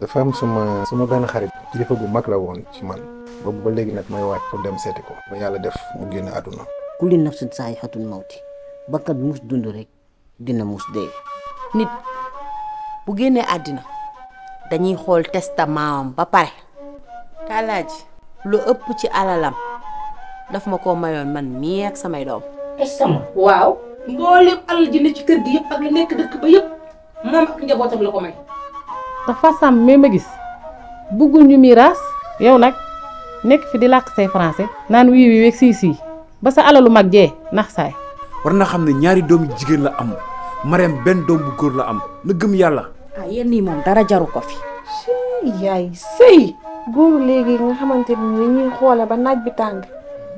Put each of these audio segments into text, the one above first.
dafa am suma suma benn xarit kilifa bu mag la woon ci man boobu ba léegi nag may waaj pour dem seeti ko ba yàlla def mu génn àdduna kulli nafsin saayixatul mawti bakkat mus dund rek dina mus dee nit bu génnee àddina dañuy xool testament am ba pare taalaaji lu ëpp ci alalam daf ma ko mayoon man mii ak samay doom testament waaw mboolem alal ji ne ci kër gi yëpp ak li nekk dëkk ba yëpp moom ak njabootam la ko may ta fasam même ma gis bugu ñu mirage yow nak nek fi di làkk say français nan wi wi wek si si ba sa alalu mag je nax say war na ñaari doomi la am marem ben doom bu gor la am na gëm yalla ah yéen ni mom dara jaru ko fi yaay sey góor legi nga xamanteni ni ñi xolé ba naaj bi tang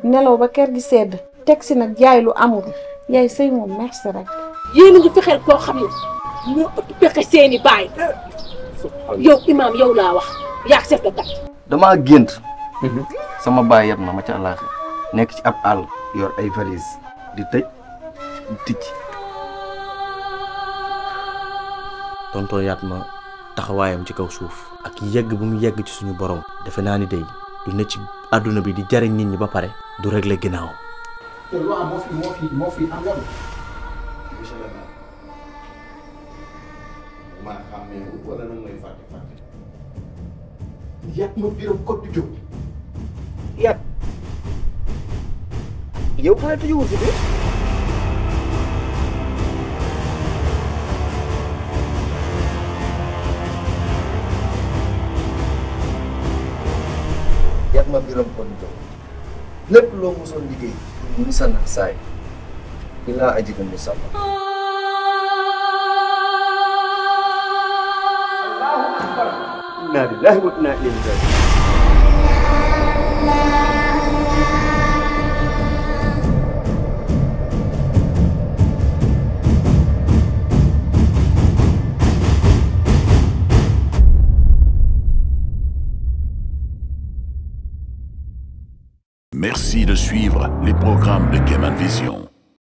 nelaw ba ker gi sedd tek si nak jaay lu amul yaay sey mom merci rek yeen ñu ngi fexeel koo xam ëpp pexé seeni baay yow imaam yow laa wax damaa gént. Mhm. sama baay yab na ma ca àllaaxi nekk ci ab àll yor ay valise di tëj di tijj. tonton yaat ma taxawaayam ci kaw suuf. ak yegg bu mu yegg ci suñu borom. defe naa ni day du ne ci àdduna bi di jariñ nit ñi ba pare. du régler ginnaaw. te maa xàmmee wut wala nag may fàtte fàtte yàpp ma biiram kottu jóg yàpp yow xanaa tëjuwul si biir yàpp ma biiram kottu jóg lépp loo mosoon Merci de suivre les programmes de Game Vision.